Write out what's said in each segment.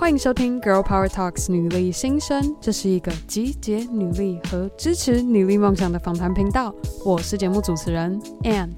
歡迎收聽《Girl Power Talks》女力心聲，這是一個集結女力和支持女力夢想的訪談頻道。我是節目主持人 Anne，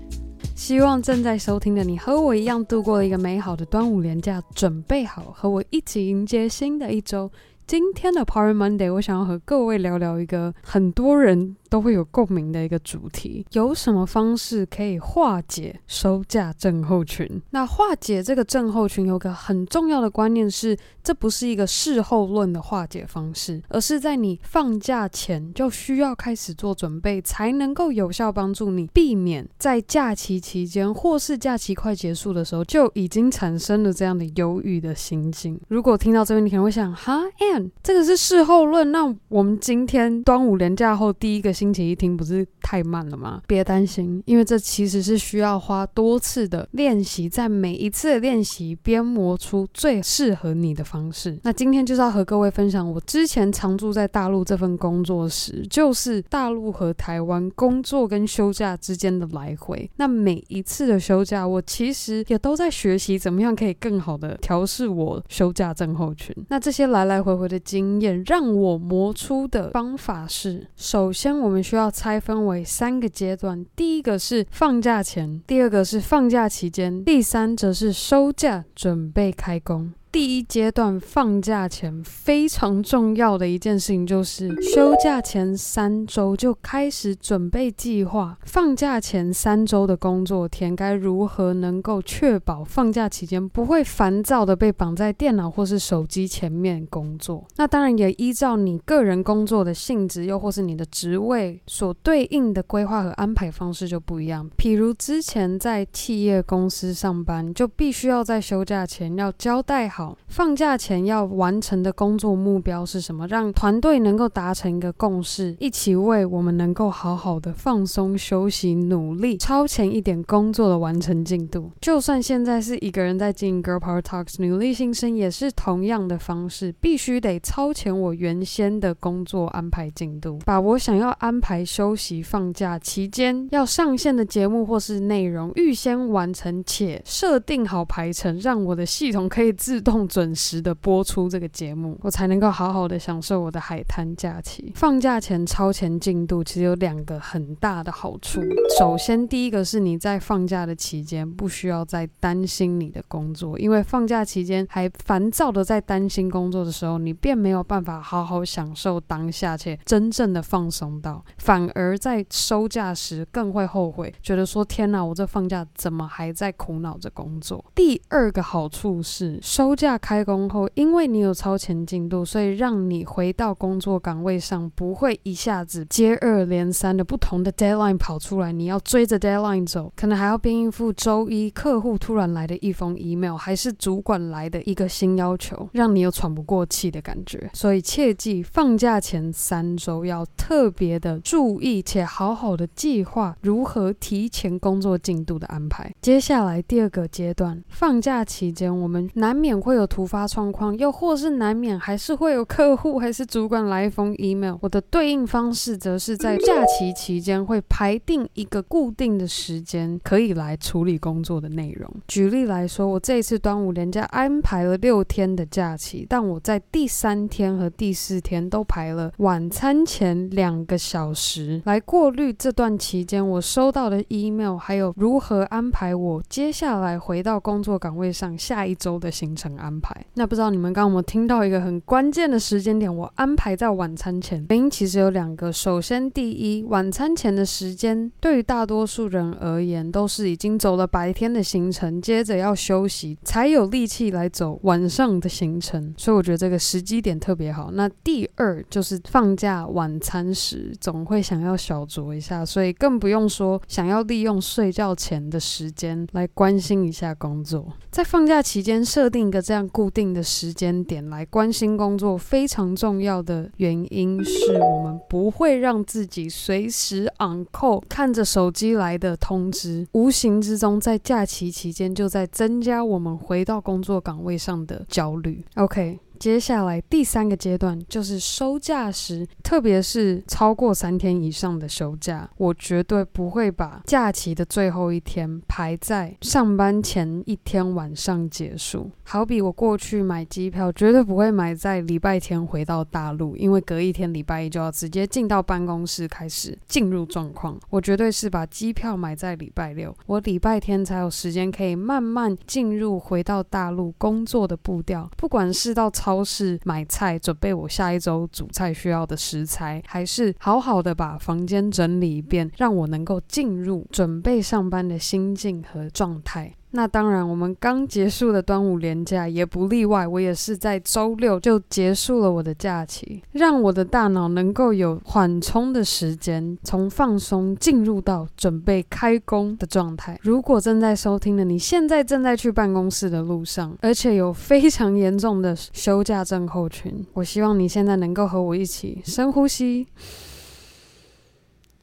希望正在收聽的你和我一樣度過了一個美好的端午連假，準備好和我一起迎接新的一周。今天的 Power Monday，我想要和各位聊聊一個很多人都會有共鳴的一個主題。有什麼方式可以化解收假症候群？那化解這個症候群，有個很重要的觀念是，這不是一個事後論的化解方式，而是在你放假前就需要開始做準備，才能夠有效幫助你避免在假期期間或是假期快結束的時候就已經產生了這樣的憂鬱的心境。如果聽到這邊，你可能會想，哈，Anne，這個是事後論。那我們今天端午連假後第一個星期一聽不是太慢了嗎？別擔心，因為這其實是需要花多次的練習，在每一次的練習邊磨出最適合你的方式。那今天就是要和各位分享我之前常駐在大陸這份工作時，就是大陸和台灣工作跟休假之間的來回。那每一次的休假，我其實也都在學習怎麼樣可以更好的調試我休假症候群。那這些來來回回的經驗，讓我磨出的方法是：首先我。我們需要拆分為三個階段，第一個是放假前，第二個是放假期間，第三則是收假準備開工。第一階段放假前，非常重要的一件事情就是，休假前三周就開始準備計劃。放假前三周的工作天該如何能夠確保放假期間不會煩躁的被綁在電腦或是手機前面工作？那當然也依照你個人工作的性質，又或是你的職位所對應的規劃和安排方式就不一樣。比如之前在企業公司上班，就必須要在休假前要交代好。放假前要完成的工作目標是什麼？讓團隊能夠達成一個共識，一起為我們能夠好好的放鬆休息努力，超前一點工作的完成進度。就算現在是一個人在經營 Girl Power Talks，女力心聲也是同樣的方式，必須得超前我原先的工作安排進度，把我想要安排休息放假期間要上線的節目或是內容預先完成且設定好排程，讓我的系統可以自動。控準時的播出這個節目，我才能夠好好的享受我的海灘假期。放假前超前進度其實有兩個很大的好處。首先，第一個是你在放假的期間不需要再擔心你的工作，因為放假期間還煩躁的在擔心工作的時候，你便沒有辦法好好享受當下，且真正的放鬆到，反而在收假時更會後悔，覺得說天哪，我這放假怎麼還在苦惱着工作？第二個好處是收假開工後，因為你有超前進度，所以讓你回到工作崗位上不會一下子接二連三的不同的 deadline 跑出來，你要追着 deadline 走，可能還要邊應付周一客戶突然來的一封 email，還是主管來的一個新要求，讓你有喘不過氣的感覺。所以切記，放假前三周要特別的注意，且好好的計劃如何提前工作進度的安排。接下來第二個階段，放假期間我們難免會。會有突發狀況，又或是難免還是會有客戶還是主管來一封 email，我的對應方式則是在假期期間會排定一個固定的時間，可以來處理工作的內容。舉例來說，我這次端午連假安排了六天的假期，但我在第三天和第四天都排了晚餐前兩個小時來過濾這段期間我收到的 email，還有如何安排我接下來回到工作崗位上下一周的行程啊。安排。那不知道你們剛剛有沒有聽到一個很關鍵的時間點，我安排在晚餐前，原因其實有兩個。首先，第一，晚餐前的時間對於大多數人而言都是已經走了白天的行程，接着要休息才有力氣來走晚上的行程，所以我覺得這個時機點特別好。那第二就是放假晚餐時總會想要小酌一下，所以更不用說想要利用睡覺前的時間來關心一下工作，在放假期間設定一個。這樣固定的時間點來關心工作，非常重要的原因是我們不會讓自己隨時 on call 看着手機來的通知，無形之中在假期期間就在增加我們回到工作崗位上的焦慮。OK。接下來第三個階段就是收假時，特別是超過三天以上的休假，我絕對不會把假期的最後一天排在上班前一天晚上結束。好比我過去買機票，絕對不會買在禮拜天回到大陸，因為隔一天禮拜一就要直接進到辦公室開始進入狀況。我絕對是把機票買在禮拜六，我禮拜天才有時間可以慢慢進入回到大陸工作的步調。不管是到超超市買菜，準備我下一周煮菜需要的食材，還是好好的把房間整理一遍，讓我能夠進入準備上班的心境和狀態。那當然，我們剛結束的端午連假也不例外，我也是在週六就結束了我的假期，讓我的大腦能夠有緩衝的時間，從放鬆進入到準備開工的狀態。如果正在收聽的你現在正在去辦公室的路上，而且有非常嚴重的休假症候群，我希望你現在能夠和我一起深呼吸。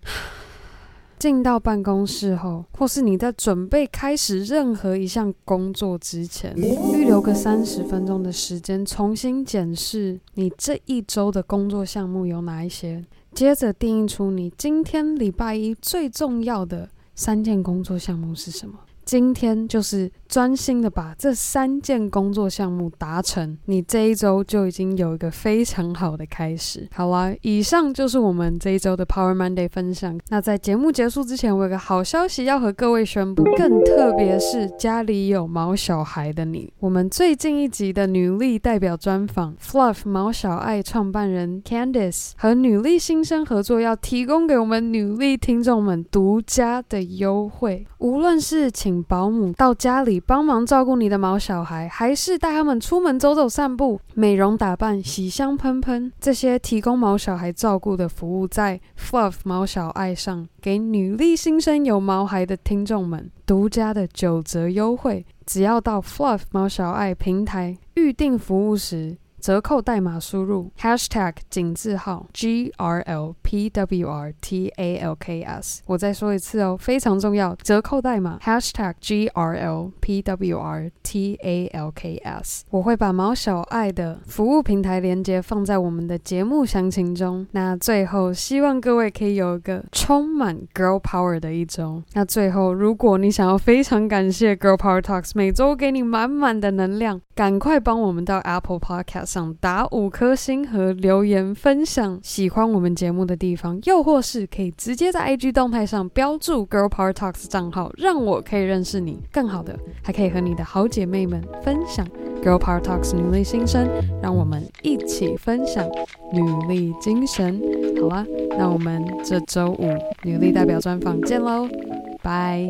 進到辦公室後，或是你在準備開始任何一項工作之前，預留個三十分鐘的時間，重新檢視你這一周的工作項目有哪一些，接着定義出你今天禮拜一最重要的三件工作項目是什麼。今天就是專心的把這三件工作項目達成，你這一周就已經有一個非常好的開始。好啦，以上就是我們這一周的 Power Monday 分享。那在節目結束之前，我有個好消息要和各位宣布，更特別是家裡有毛小孩的你，我們最近一集的女力代表專訪 Fluv 毛小愛創辦人 Candice 和女力心聲合作，要提供給我們女力聽眾們獨家的優惠，無論是請，保姆到家裡幫忙照顧你的毛小孩，還是帶他們出門走走散步、美容打扮、洗香噴噴，這些提供毛小孩照顧的服務，在 Fluv 毛小愛上，給女力心聲有毛孩的聽眾們獨家的九折優惠。只要到 Fluv 毛小愛平台預訂服務時，折扣代碼輸入 hashtag 井字號 GRLPWRTALKS 我再說一次哦，非常重要！折扣代碼 #GRLPWRTALKS 我會把毛小愛的服務平台連接放在我們的節目詳情中。那最後，希望各位可以有一個充滿 Girl Power 的一周。那最後，如果你想要非常感謝 Girl Power Talks 每周給你滿滿的能量。趕快幫我們到 Apple Podcast 上打五顆星和留言分享喜歡我們節目的地方，又或是可以直接在 IG 動態上標註 GRL PWR TALKS 賬號，讓我可以認識你。更好的，還可以和你的好姐妹們分享 GRL PWR TALKS 女力心聲，讓我們一起分享女力精神。好啦，那我們這周五女力代表專訪見嘍，拜。